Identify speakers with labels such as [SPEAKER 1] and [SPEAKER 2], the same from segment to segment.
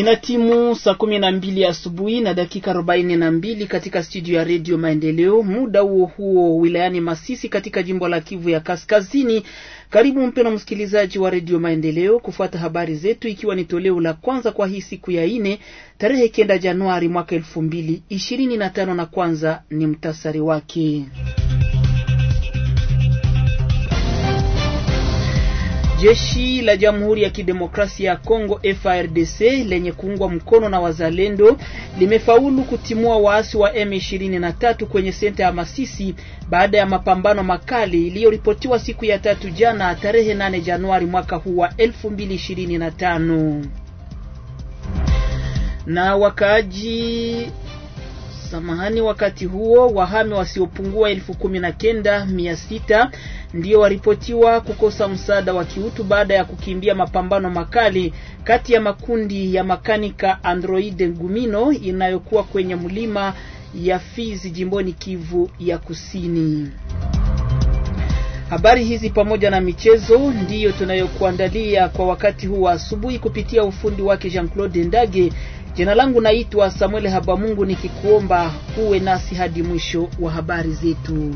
[SPEAKER 1] Inatimu saa kumi na mbili asubuhi na dakika arobaini na mbili katika studio ya redio Maendeleo. Muda huo huo wilayani Masisi katika jimbo la Kivu ya Kaskazini. Karibu mpendwa msikilizaji wa redio Maendeleo kufuata habari zetu, ikiwa ni toleo la kwanza kwa hii siku ya ine tarehe kenda Januari mwaka elfu mbili ishirini na tano, na kwanza ni mtasari wake Jeshi la Jamhuri ya Kidemokrasia ya Kongo frdc lenye kuungwa mkono na wazalendo limefaulu kutimua waasi wa M23 kwenye senta ya Masisi baada ya mapambano makali iliyoripotiwa siku ya tatu jana tarehe 8 Januari mwaka huu wa 2025. Na wakaaji samahani. Wakati huo wahami wasiopungua elfu kumi na kenda mia sita ndio waripotiwa kukosa msaada wa kiutu baada ya kukimbia mapambano makali kati ya makundi ya makanika Android gumino inayokuwa kwenye mlima ya Fizi jimboni Kivu ya Kusini. Habari hizi pamoja na michezo ndiyo tunayokuandalia kwa wakati huu wa asubuhi kupitia ufundi wake Jean-Claude Ndage. Jina langu naitwa Samuel Habamungu, nikikuomba uwe nasi hadi mwisho wa habari zetu.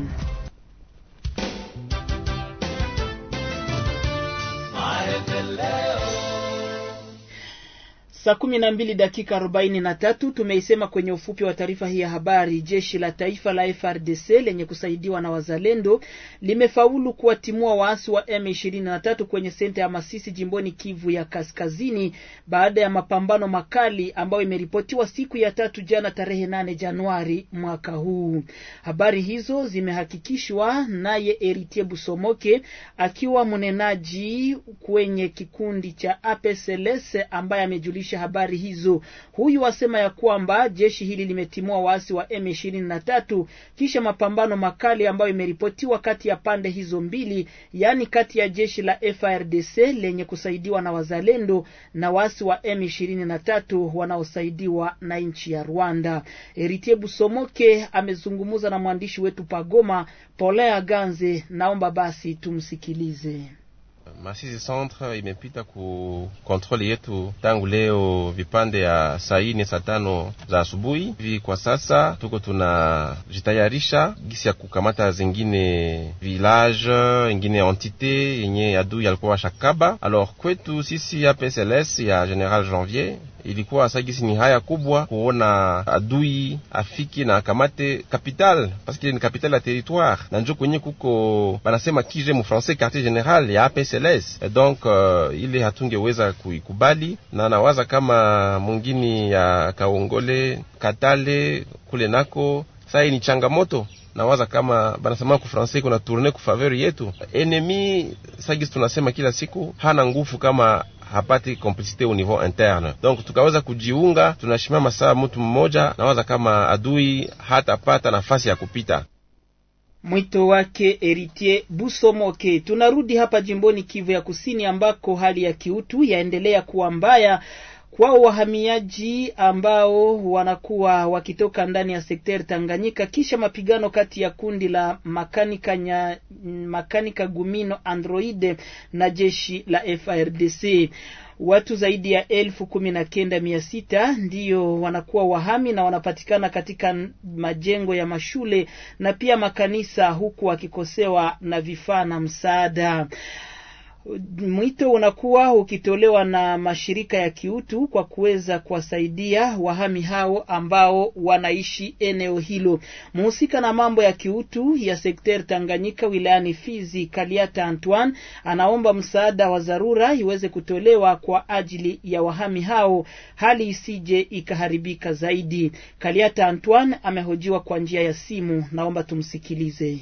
[SPEAKER 1] Saa kumi na mbili dakika arobaini na tatu tumeisema kwenye ufupi wa taarifa hii ya habari. Jeshi la taifa la FRDC lenye kusaidiwa na wazalendo limefaulu kuwatimua waasi wa M23 kwenye senta ya Masisi jimboni Kivu ya Kaskazini baada ya mapambano makali ambayo imeripotiwa siku ya tatu jana tarehe 8 Januari mwaka huu. Habari hizo zimehakikishwa naye Eritie Busomoke akiwa mnenaji kwenye kikundi cha APSLS ambaye amejulisha kuthibitisha habari hizo. Huyu asema ya kwamba jeshi hili limetimua waasi wa M23 kisha mapambano makali ambayo imeripotiwa kati ya pande hizo mbili, yaani kati ya jeshi la frdc lenye kusaidiwa na wazalendo na waasi wa M23 wanaosaidiwa na nchi ya Rwanda. Eritie Busomoke amezungumza na mwandishi wetu Pagoma, Polea Ganze. Naomba basi tumsikilize.
[SPEAKER 2] Masisi Centre imepita ku kontrole yetu tangu leo vipande ya saa ine saa tano za asubuhi hivi. Kwa sasa tuko tunajitayarisha gisi ya kukamata zingine village ingine entite yenye adui alikuwa washakaba. Alors kwetu sisi ya PSLS ya General Janvier ilikuwa sagisi ni haya kubwa kuona adui afiki na akamate kapital paske ni kapital ya territoire na njo kwenye kuko banasema kije mu francais quartier general ya apsls Donc uh, ile hatungeweza kuikubali, na nawaza kama mwingine ya Kaongole Katale kule nako sai ni changamoto nawaza kama banasema ku francais kuna tourne ku faveur yetu enemi sagisi, tunasema kila siku hana nguvu kama hapati komplisite au niveau interne. Donc tukaweza kujiunga, tunashimama sawa mtu mmoja, nawaza kama adui hatapata nafasi ya kupita.
[SPEAKER 1] Mwito wake Eritier Busomoke. Tunarudi hapa jimboni Kivu ya Kusini ambako hali ya kiutu yaendelea kuwa mbaya kwa wahamiaji ambao wanakuwa wakitoka ndani ya sekteri Tanganyika kisha mapigano kati ya kundi la makanika, nya, makanika Gumino Androide na jeshi la frdc Watu zaidi ya elfu kumi na kenda mia sita ndiyo wanakuwa wahami na wanapatikana katika majengo ya mashule na pia makanisa, huku wakikosewa na vifaa na msaada mwito unakuwa ukitolewa na mashirika ya kiutu kwa kuweza kuwasaidia wahami hao ambao wanaishi eneo hilo. Mhusika na mambo ya kiutu ya sekter Tanganyika wilayani Fizi, Kaliata Antoine, anaomba msaada wa dharura iweze kutolewa kwa ajili ya wahami hao, hali isije ikaharibika zaidi. Kaliata Antoine amehojiwa kwa njia ya simu, naomba tumsikilize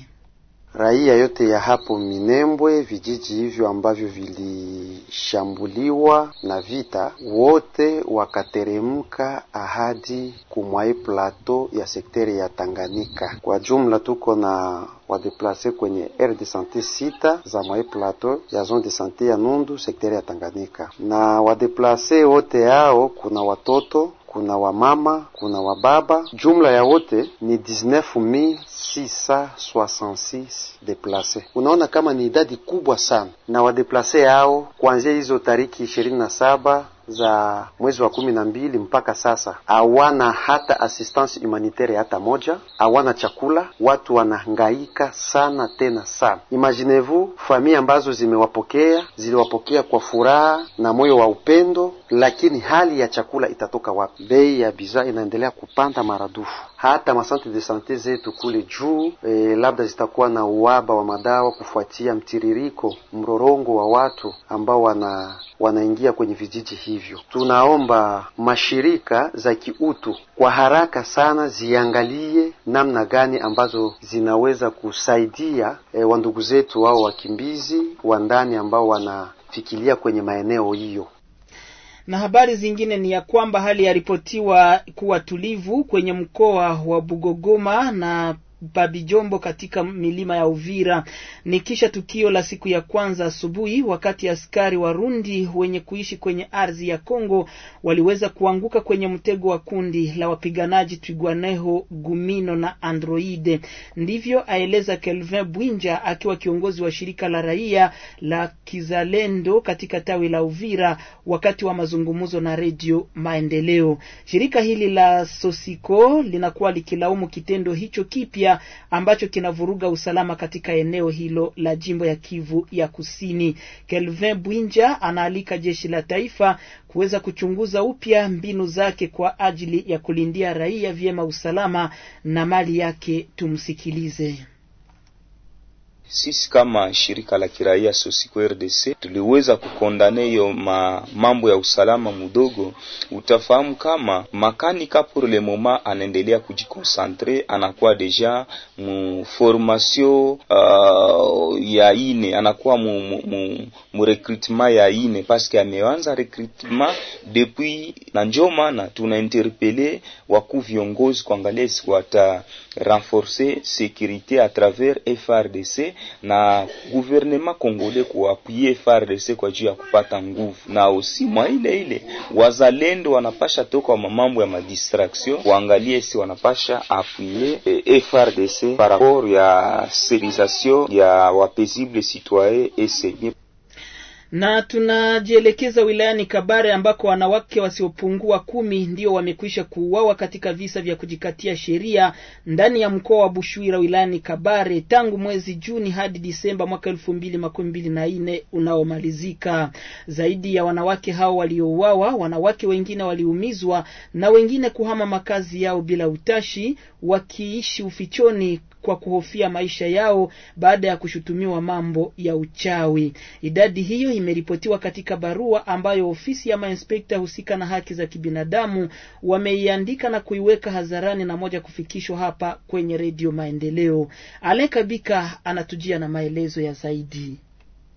[SPEAKER 3] raia yote ya hapo Minembwe, vijiji hivyo ambavyo vilishambuliwa na vita, wote wakateremka ahadi kumwai plateau ya sekteri ya Tanganyika. Kwa jumla tuko na wadeplase kwenye r de sante sita za mwai plateau ya zone de sante ya Nundu, sekteri ya Tanganyika, na wadeplase wote yao kuna watoto kuna wamama, kuna wababa, jumla ya wote ni 19666 deplase. Unaona kama ni idadi kubwa sana, na wadeplase hao kuanzia hizo tariki ishirini na za mwezi wa kumi na mbili mpaka sasa hawana hata assistance humanitaire hata moja, hawana chakula, watu wanahangaika sana tena sana. imajinevu vous familia ambazo zimewapokea ziliwapokea kwa furaha na moyo wa upendo, lakini hali ya chakula itatoka wapi? Bei ya bidhaa inaendelea kupanda maradufu, hata masante de sante zetu kule juu e, labda zitakuwa na uhaba wa madawa kufuatia mtiririko mrorongo wa watu ambao wana wanaingia kwenye vijiji hii hivyo. Tunaomba mashirika za kiutu kwa haraka sana ziangalie namna gani ambazo zinaweza kusaidia e, wandugu zetu wao wakimbizi wa ndani ambao wanafikilia kwenye maeneo hiyo
[SPEAKER 1] na habari zingine ni ya kwamba hali yaripotiwa kuwa tulivu kwenye mkoa wa Bugogoma na Babijombo katika milima ya Uvira. Ni kisha tukio la siku ya kwanza asubuhi, wakati askari Warundi wenye kuishi kwenye ardhi ya Kongo waliweza kuanguka kwenye mtego wa kundi la wapiganaji Twigwaneho, Gumino na Androide. Ndivyo aeleza Kelvin Bwinja akiwa kiongozi wa shirika la raia la Kizalendo katika tawi la Uvira wakati wa mazungumzo na Redio Maendeleo. Shirika hili la Sosiko linakuwa likilaumu kitendo hicho kipya ambacho kinavuruga usalama katika eneo hilo la jimbo ya Kivu ya Kusini. Kelvin Bwinja anaalika jeshi la taifa kuweza kuchunguza upya mbinu zake kwa ajili ya kulindia raia vyema usalama na mali yake. Tumsikilize.
[SPEAKER 4] Sisi kama shirika la kiraia Sosiku RDC tuliweza kukondane hiyo ma mambo ya usalama mudogo. Utafahamu kama makanika pour le moment anaendelea kujikonsentre, anakuwa deja mu formation uh, ya ine, anakuwa mu, mu, mu, mu recrutement ya ine paske ameanza recrutement depuis, na njo maana tuna interpele waku viongozi kuangalia si wata renforcer securite à travers FRDC na guvernema Kongole kuapwie FARDC kwa juu ya kupata nguvu, na osi mwa ile ile wazalendo wanapasha toka wa mambo ya madistraction waangalie si wanapasha apuye e, eh, FARDC par rapport ya civilisation ya wapaisible citoyen esenye
[SPEAKER 1] na tunajielekeza wilayani Kabare ambako wanawake wasiopungua kumi ndio wamekwisha kuuawa katika visa vya kujikatia sheria ndani ya mkoa wa Bushwira wilayani Kabare tangu mwezi Juni hadi Disemba mwaka elfu mbili makumi mbili na nne unaomalizika. Zaidi ya wanawake hao waliouawa, wanawake wengine waliumizwa na wengine kuhama makazi yao bila utashi, wakiishi ufichoni kwa kuhofia maisha yao baada ya kushutumiwa mambo ya uchawi. Idadi hiyo imeripotiwa katika barua ambayo ofisi ya mainspekta husika na haki za kibinadamu wameiandika na kuiweka hadharani na moja kufikishwa hapa kwenye Redio Maendeleo. Alekabika anatujia na maelezo ya zaidi.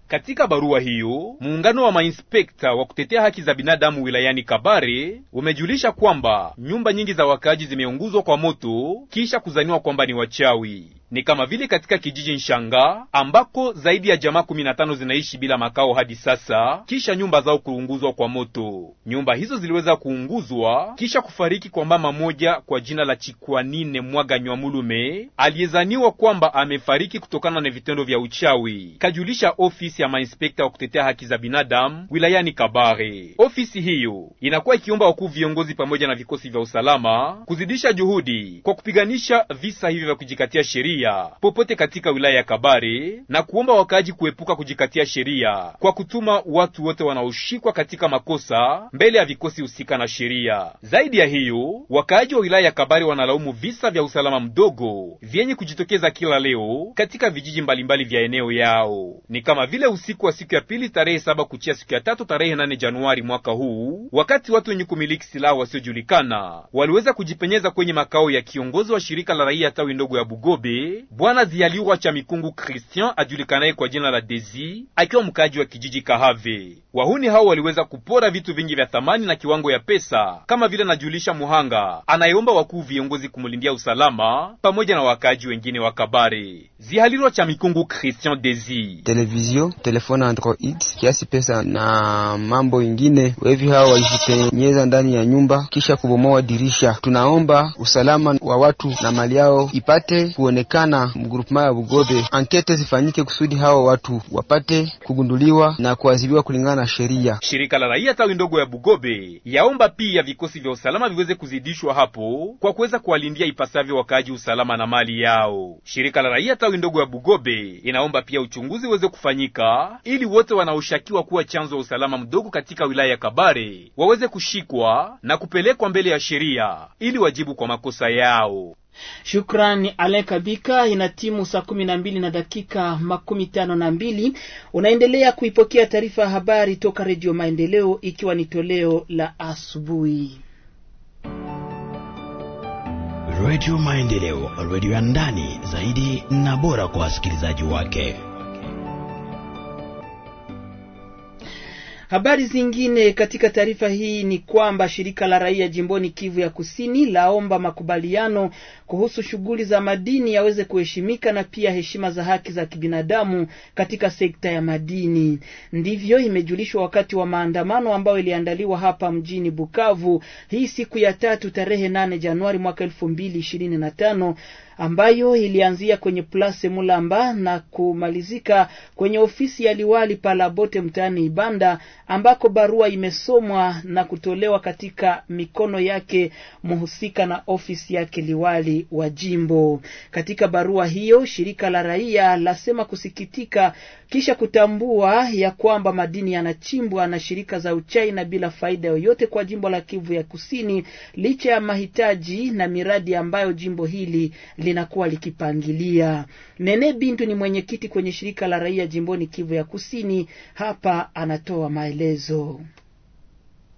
[SPEAKER 4] Katika barua hiyo muungano wa mainspekta wa kutetea haki za binadamu wilayani Kabare umejulisha kwamba nyumba nyingi za wakaaji zimeunguzwa kwa moto kisha kuzaniwa kwamba ni wachawi ni kama vile katika kijiji Nshanga ambako zaidi ya jamaa 15 zinaishi bila makao hadi sasa, kisha nyumba zao kuunguzwa kwa moto. Nyumba hizo ziliweza kuunguzwa kisha kufariki kwa mama moja kwa jina la Chikwanine Mwaga Nywamulume aliyezaniwa kwamba amefariki kutokana na vitendo vya uchawi, kajulisha ofisi ya mainspekta wa kutetea haki za binadamu wilayani Kabare. Ofisi hiyo inakuwa ikiomba wakuu viongozi pamoja na vikosi vya usalama kuzidisha juhudi kwa kupiganisha visa hivyo vya kujikatia sheria sheria popote katika wilaya ya Kabare na kuomba wakaaji kuepuka kujikatia sheria kwa kutuma watu wote wanaoshikwa katika makosa mbele ya vikosi husika na sheria. Zaidi ya hiyo, wakaaji wa wilaya ya Kabare wanalaumu visa vya usalama mdogo vyenye kujitokeza kila leo katika vijiji mbalimbali vya eneo yao, ni kama vile usiku wa siku ya pili tarehe saba kuchia siku ya tatu tarehe nane Januari mwaka huu, wakati watu wenye kumiliki silaha wasiojulikana waliweza kujipenyeza kwenye makao ya kiongozi wa shirika la raia tawi ndogo ya Bugobe bwana Zialiwa cha Mikungu Kristian ajulikanaye kwa jina la Dezi, akiwa mkaaji wa kijiji Kahave. Wahuni hao waliweza kupora vitu vingi vya thamani na kiwango ya pesa, kama vile anajulisha Muhanga anayeomba wakuu viongozi kumlindia usalama pamoja na wakaaji wengine wa Kabare. Zihalirwa cha Mikungu Christian Dezi:
[SPEAKER 3] televizio, telefone Android, kiasi pesa na mambo ingine. Wevi hao walijitenyeza ndani ya nyumba kisha kubomoa dirisha. Tunaomba usalama wa watu na mali yao ipate kuonekana kupatikana mgrupema ya Bugobe, ankete zifanyike kusudi hao watu wapate kugunduliwa na kuadhibiwa kulingana na sheria.
[SPEAKER 4] Shirika la raia tawi ndogo ya Bugobe yaomba pia vikosi vya usalama viweze kuzidishwa hapo kwa kuweza kuwalindia ipasavyo wakaaji usalama na mali yao. Shirika la raia tawi ndogo ya Bugobe inaomba pia uchunguzi uweze kufanyika ili wote wanaoshakiwa kuwa chanzo wa usalama mdogo katika wilaya ya Kabare waweze kushikwa na kupelekwa mbele ya sheria ili wajibu kwa makosa yao.
[SPEAKER 1] Shukrani Alekabika. Ina timu saa kumi na mbili na dakika makumi tano na mbili. Unaendelea kuipokea taarifa ya habari toka Redio Maendeleo, ikiwa ni toleo la asubuhi.
[SPEAKER 4] Redio Maendeleo, redio ya ndani zaidi na
[SPEAKER 1] bora kwa wasikilizaji wake. Habari zingine katika taarifa hii ni kwamba shirika la raia jimboni Kivu ya Kusini laomba makubaliano kuhusu shughuli za madini yaweze kuheshimika na pia heshima za haki za kibinadamu katika sekta ya madini. Ndivyo imejulishwa wakati wa maandamano ambayo iliandaliwa hapa mjini Bukavu hii siku ya tatu tarehe 8 Januari mwaka tano ambayo ilianzia kwenye Place Mulamba na kumalizika kwenye ofisi ya liwali Palabote mtaani Ibanda, ambako barua imesomwa na kutolewa katika mikono yake mhusika na ofisi yake liwali wa jimbo. Katika barua hiyo, shirika la raia lasema kusikitika kisha kutambua ya kwamba madini yanachimbwa na shirika za Uchina bila faida yoyote kwa jimbo la Kivu ya Kusini, licha ya mahitaji na miradi ambayo jimbo hili linakuwa likipangilia. Nene Bintu ni mwenyekiti kwenye shirika la raia jimboni Kivu ya Kusini, hapa anatoa maelezo.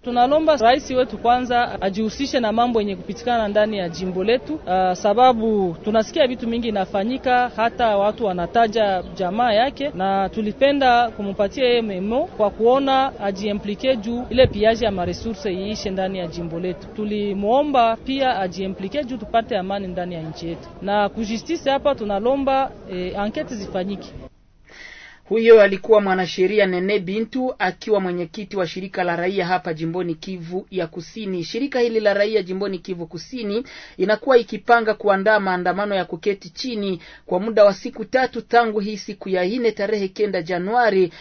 [SPEAKER 1] Tunalomba rais wetu kwanza ajihusishe na mambo yenye kupitikana ndani ya jimbo letu, uh, sababu tunasikia vitu mingi inafanyika, hata watu wanataja jamaa yake, na tulipenda kumupatia yeye memo kwa kuona ajiimplike juu ile piaji ya maresurse iishe ndani ya jimbo letu. Tulimwomba pia ajiimplike juu tupate amani ndani ya nchi yetu, na kujustisi hapa tunalomba eh, anketi zifanyike. Huyo alikuwa mwanasheria Nene Bintu akiwa mwenyekiti wa shirika la raia hapa jimboni Kivu ya Kusini. Shirika hili la raia jimboni Kivu Kusini inakuwa ikipanga kuandaa maandamano ya kuketi chini kwa muda wa siku tatu tangu hii siku ya nne tarehe kenda Januari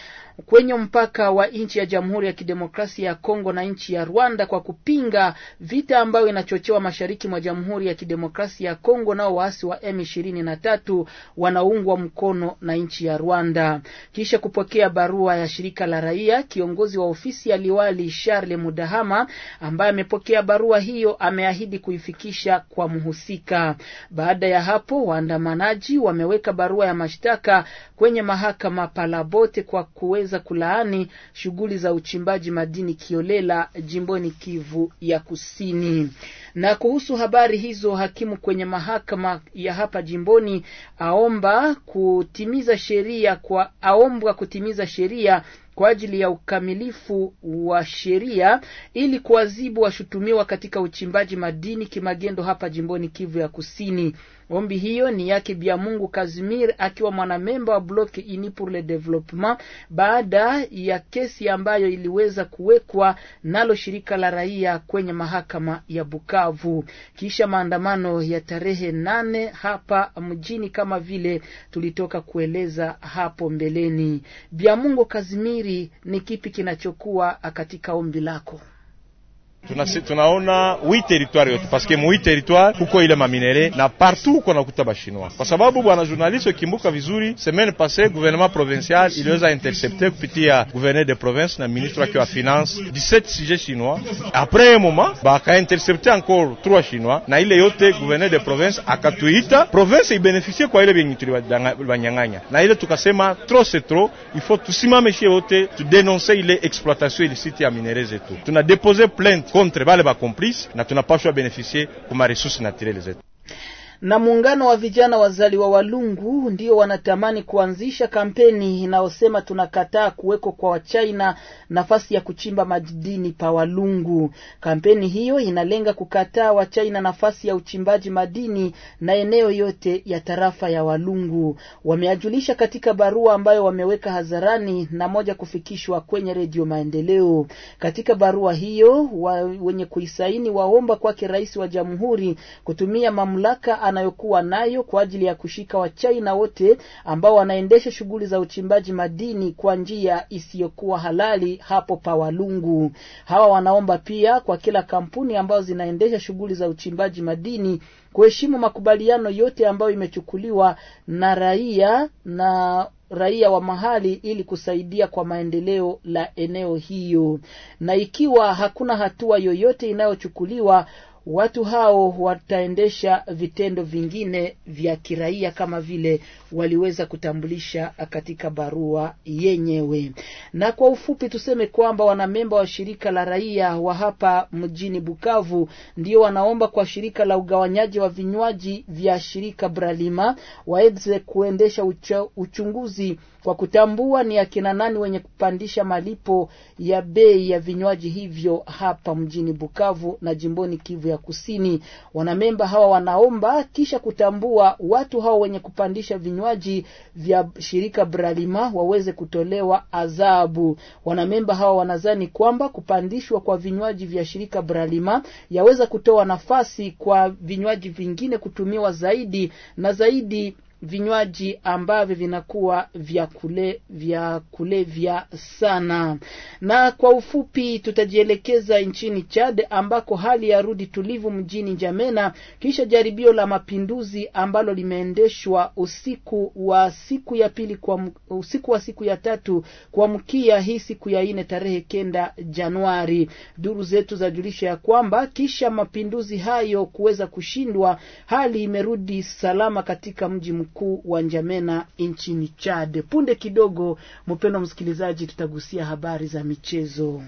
[SPEAKER 1] kwenye mpaka wa nchi ya Jamhuri ya Kidemokrasia ya Kongo na nchi ya Rwanda kwa kupinga vita ambayo inachochewa mashariki mwa Jamhuri ya Kidemokrasia ya Kongo, nao waasi wa M23 wanaungwa mkono na nchi ya Rwanda. Kisha kupokea barua ya shirika la raia, kiongozi wa ofisi ya liwali Charles Mudahama, ambaye amepokea barua hiyo, ameahidi kuifikisha kwa mhusika. Baada ya hapo, waandamanaji wameweka barua ya mashtaka kwenye mahakama Palabote kwa kuweza za kulaani shughuli za uchimbaji madini kiolela jimboni Kivu ya Kusini. Na kuhusu habari hizo, hakimu kwenye mahakama ya hapa jimboni aomba kutimiza sheria kwa aombwa kutimiza sheria kwa ajili ya ukamilifu wa sheria ili kuwazibu washutumiwa katika uchimbaji madini kimagendo hapa jimboni Kivu ya Kusini. Ombi hiyo ni yake Biamungu Kazimir akiwa mwanamemba wa bloke Uni pour le Developpement, baada ya kesi ambayo iliweza kuwekwa nalo shirika la raia kwenye mahakama ya Bukavu kisha maandamano ya tarehe nane hapa mjini, kama vile tulitoka kueleza hapo mbeleni. Mungu Kazimir unafikiri ni kipi kinachokuwa katika ombi lako
[SPEAKER 2] Tunasi, tunaona wi territoire yote paske mui territoire kuko ile maminere na partout uko nakuta bashinwa, kwa sababu bwana journaliste ukimbuka vizuri, semaine passee gouvernement provincial iliweza intercepter kupitia gouverneur de province na ministre wake wa finance 17 sujets chinois. Après un moment baka intercepter encore 3 chinois, na ile yote gouverneur de province akatuita province ibeneficie e kwa ile benye tulibanyang'anya, na ile tukasema trop c'est trop, il faut tusimame shie wote, tudenonse ile exploitation ilisite ya minere zetu. Tuna depose plainte contre bale bakomplice na tunapashwa benefisie kuma resources naturele zetu
[SPEAKER 1] na muungano wa vijana wazaliwa Walungu ndio wanatamani kuanzisha kampeni inayosema tunakataa kuweko kwa Wachina nafasi ya kuchimba madini pa Walungu. Kampeni hiyo inalenga kukataa Wachina nafasi ya uchimbaji madini na eneo yote ya tarafa ya Walungu. Wameajulisha katika barua ambayo wameweka hadharani na moja kufikishwa kwenye Redio Maendeleo. Katika barua hiyo wa, wenye kuisaini waomba kwake rais wa jamhuri kutumia mamlaka anayokuwa nayo kwa ajili ya kushika Wachina wote ambao wanaendesha shughuli za uchimbaji madini kwa njia isiyokuwa halali hapo Pawalungu. Hawa wanaomba pia kwa kila kampuni ambazo zinaendesha shughuli za uchimbaji madini kuheshimu makubaliano yote ambayo imechukuliwa na raia na raia wa mahali ili kusaidia kwa maendeleo la eneo hiyo. Na ikiwa hakuna hatua yoyote inayochukuliwa, watu hao wataendesha vitendo vingine vya kiraia kama vile waliweza kutambulisha katika barua yenyewe. Na kwa ufupi tuseme kwamba wanamemba wa shirika la raia wa hapa mjini Bukavu ndio wanaomba kwa shirika la ugawanyaji wa vinywaji vya shirika Bralima waweze kuendesha ucho, uchunguzi kwa kutambua ni akina nani wenye kupandisha malipo ya bei ya vinywaji hivyo hapa mjini Bukavu na jimboni Kivu ya Kusini. Wanamemba hawa wanaomba kisha kutambua watu hao wenye kupandisha vinywaji vinywaji vya shirika Bralima waweze kutolewa adhabu. Wanamemba hawa wanazani kwamba kupandishwa kwa vinywaji vya shirika Bralima yaweza kutoa nafasi kwa vinywaji vingine kutumiwa zaidi na zaidi vinywaji ambavyo vinakuwa vya kule vya kulevya sana. Na kwa ufupi tutajielekeza nchini Chad ambako hali ya rudi tulivu mjini Njamena kisha jaribio la mapinduzi ambalo limeendeshwa usiku wa siku ya pili kwa usiku wa siku ya tatu kuamkia hii siku ya nne tarehe kenda Januari. Duru zetu zajulisha ya kwamba kisha mapinduzi hayo kuweza kushindwa, hali imerudi salama katika mji mkuu wa Njamena nchini Chad. Punde kidogo, mpendwa msikilizaji, tutagusia habari za michezo.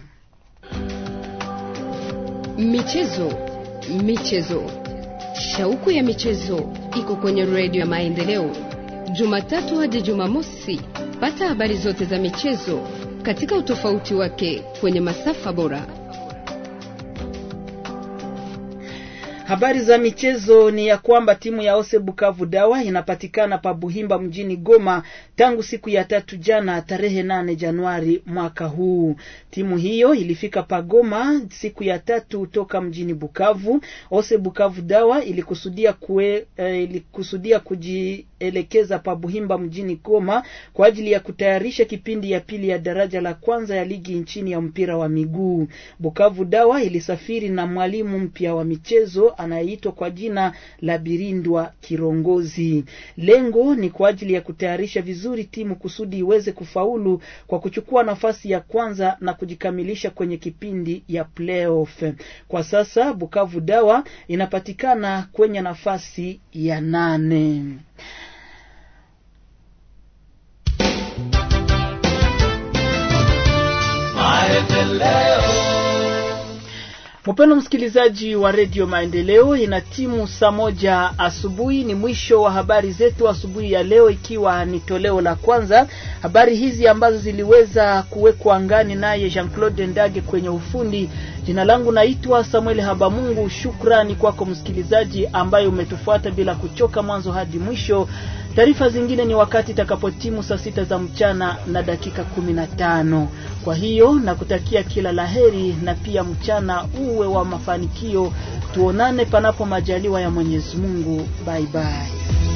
[SPEAKER 1] Michezo,
[SPEAKER 4] michezo, shauku ya michezo iko kwenye redio ya Maendeleo,
[SPEAKER 1] Jumatatu hadi Jumamosi. Pata habari zote za michezo katika utofauti wake kwenye masafa bora Habari za michezo ni ya kwamba timu ya Ose Bukavu Dawa inapatikana pa Buhimba mjini Goma tangu siku ya tatu jana tarehe nane Januari mwaka huu. Timu hiyo ilifika pa Goma siku ya tatu toka mjini Bukavu. Ose Bukavu Dawa ilikusudia kue, eh, ilikusudia kuji elekeza pa Buhimba mjini Goma kwa ajili ya kutayarisha kipindi ya pili ya daraja la kwanza ya ligi nchini ya mpira wa miguu. Bukavu Dawa ilisafiri na mwalimu mpya wa michezo anayeitwa kwa jina la Birindwa Kirongozi. Lengo ni kwa ajili ya kutayarisha vizuri timu kusudi iweze kufaulu kwa kuchukua nafasi ya kwanza na kujikamilisha kwenye kipindi ya playoff. Kwa sasa Bukavu Dawa inapatikana kwenye nafasi ya nane. Mpendo msikilizaji wa redio Maendeleo, ina timu saa moja asubuhi. Ni mwisho wa habari zetu asubuhi ya leo, ikiwa ni toleo la kwanza. Habari hizi ambazo ziliweza kuwekwa ngani naye Jean Claude Ndage kwenye ufundi Jina langu naitwa Samuel Habamungu. Shukrani kwako msikilizaji ambaye umetufuata bila kuchoka mwanzo hadi mwisho. Taarifa zingine ni wakati itakapotimu saa sita za mchana na dakika kumi na tano. Kwa hiyo nakutakia kila laheri na pia mchana uwe wa mafanikio. Tuonane panapo majaliwa ya Mwenyezi Mungu. Bye bye.